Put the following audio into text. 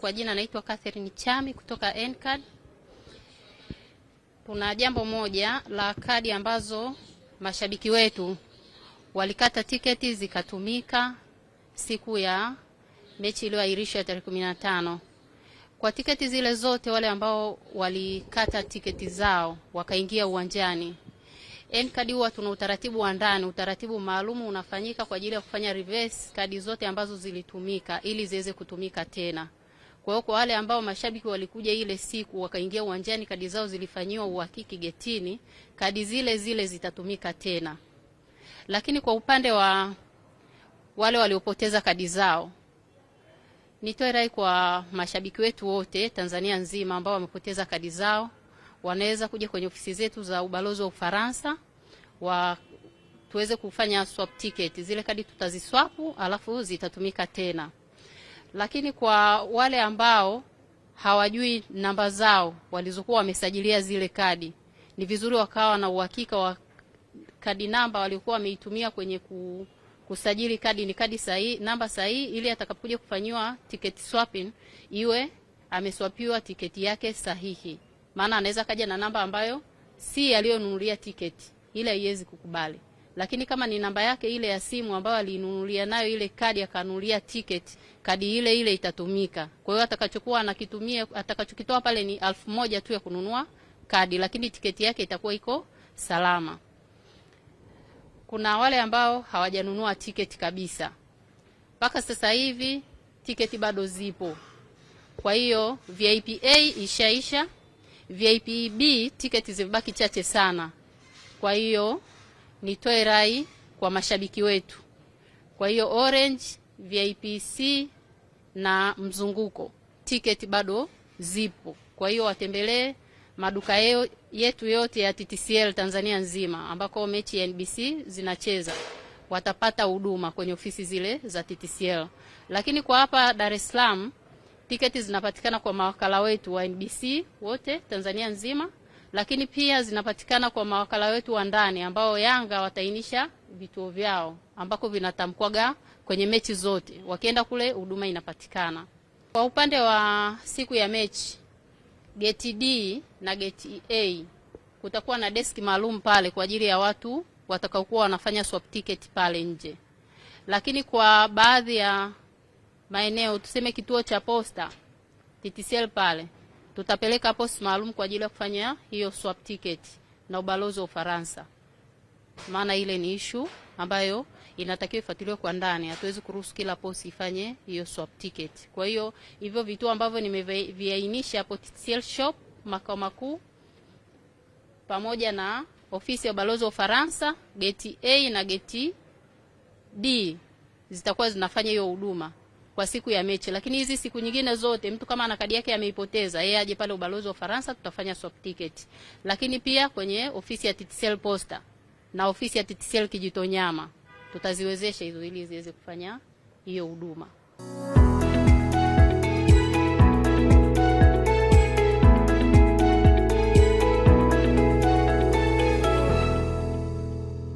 Kwa jina naitwa Catherine Chami kutoka Ncard. Kuna jambo moja la kadi ambazo mashabiki wetu walikata tiketi zikatumika siku ya mechi iliyoahirishwa tarehe kumi na tano. Kwa tiketi zile zote, wale ambao walikata tiketi zao wakaingia uwanjani, Ncard huwa tuna utaratibu wa ndani, utaratibu maalum unafanyika kwa ajili ya kufanya reverse kadi zote ambazo zilitumika ili ziweze kutumika tena. Kwa hiyo kwa wale ambao mashabiki walikuja ile siku wakaingia uwanjani, kadi zao zilifanyiwa uhakiki getini, kadi zile zile zitatumika tena. Lakini kwa upande wa wale waliopoteza kadi zao, nitoe rai kwa mashabiki wetu wote Tanzania nzima ambao wamepoteza kadi zao, wanaweza kuja kwenye ofisi zetu za ubalozi wa Ufaransa wa tuweze kufanya swap ticket. Zile kadi tutaziswapu, alafu zitatumika tena lakini kwa wale ambao hawajui namba zao walizokuwa wamesajilia zile kadi, ni vizuri wakawa na uhakika wa kadi namba waliokuwa wameitumia kwenye ku, kusajili kadi ni kadi sahihi, namba sahihi, ili atakapokuja kufanyiwa ticket swapping iwe ameswapiwa tiketi yake sahihi. Maana anaweza kaja na namba ambayo si aliyonunulia tiketi, ile haiwezi kukubali lakini kama ni namba yake ile ya simu ambayo alinunulia nayo ile kadi akanunulia tiketi, kadi ile ile itatumika. Kwa hiyo atakachokuwa anakitumia atakachokitoa pale ni elfu moja tu ya kununua kadi, lakini tiketi yake itakuwa iko salama. Kuna wale ambao hawajanunua tiketi kabisa mpaka sasa hivi, tiketi bado zipo. Kwa hiyo VIP A ishaisha, VIP B tiketi zimebaki chache sana, kwa hiyo nitoe rai kwa mashabiki wetu. Kwa hiyo Orange, VIPC na mzunguko tiketi bado zipo, kwa hiyo watembelee maduka yetu yote ya TTCL Tanzania nzima ambako mechi ya NBC zinacheza watapata huduma kwenye ofisi zile za TTCL. Lakini kwa hapa Dar es Salaam tiketi zinapatikana kwa mawakala wetu wa NBC wote Tanzania nzima lakini pia zinapatikana kwa mawakala wetu wa ndani ambao Yanga watainisha vituo vyao ambako vinatamkwaga kwenye mechi zote, wakienda kule huduma inapatikana. Kwa upande wa siku ya mechi, geti D na geti A kutakuwa na deski maalum pale kwa ajili ya watu watakaokuwa wanafanya swap ticket pale nje, lakini kwa baadhi ya maeneo tuseme kituo cha posta TTCL pale tutapeleka posti maalum kwa ajili ya kufanya hiyo swap ticket na ubalozi wa Ufaransa, maana ile ni ishu ambayo inatakiwa ifuatiliwe kwa ndani. Hatuwezi kuruhusu kila posti ifanye hiyo swap ticket. Kwa hiyo hivyo vituo ambavyo nimeviainisha hapo, TTL shop makao makuu pamoja na ofisi ya ubalozi wa Ufaransa geti A na geti D zitakuwa zinafanya hiyo huduma kwa siku ya mechi, lakini hizi siku nyingine zote mtu kama ana kadi yake ameipoteza, yeye aje pale ubalozi wa Ufaransa, tutafanya swap ticket. Lakini pia kwenye ofisi ya TTCL Posta na ofisi ya TTCL Kijitonyama tutaziwezesha hizo ili ziweze kufanya hiyo huduma.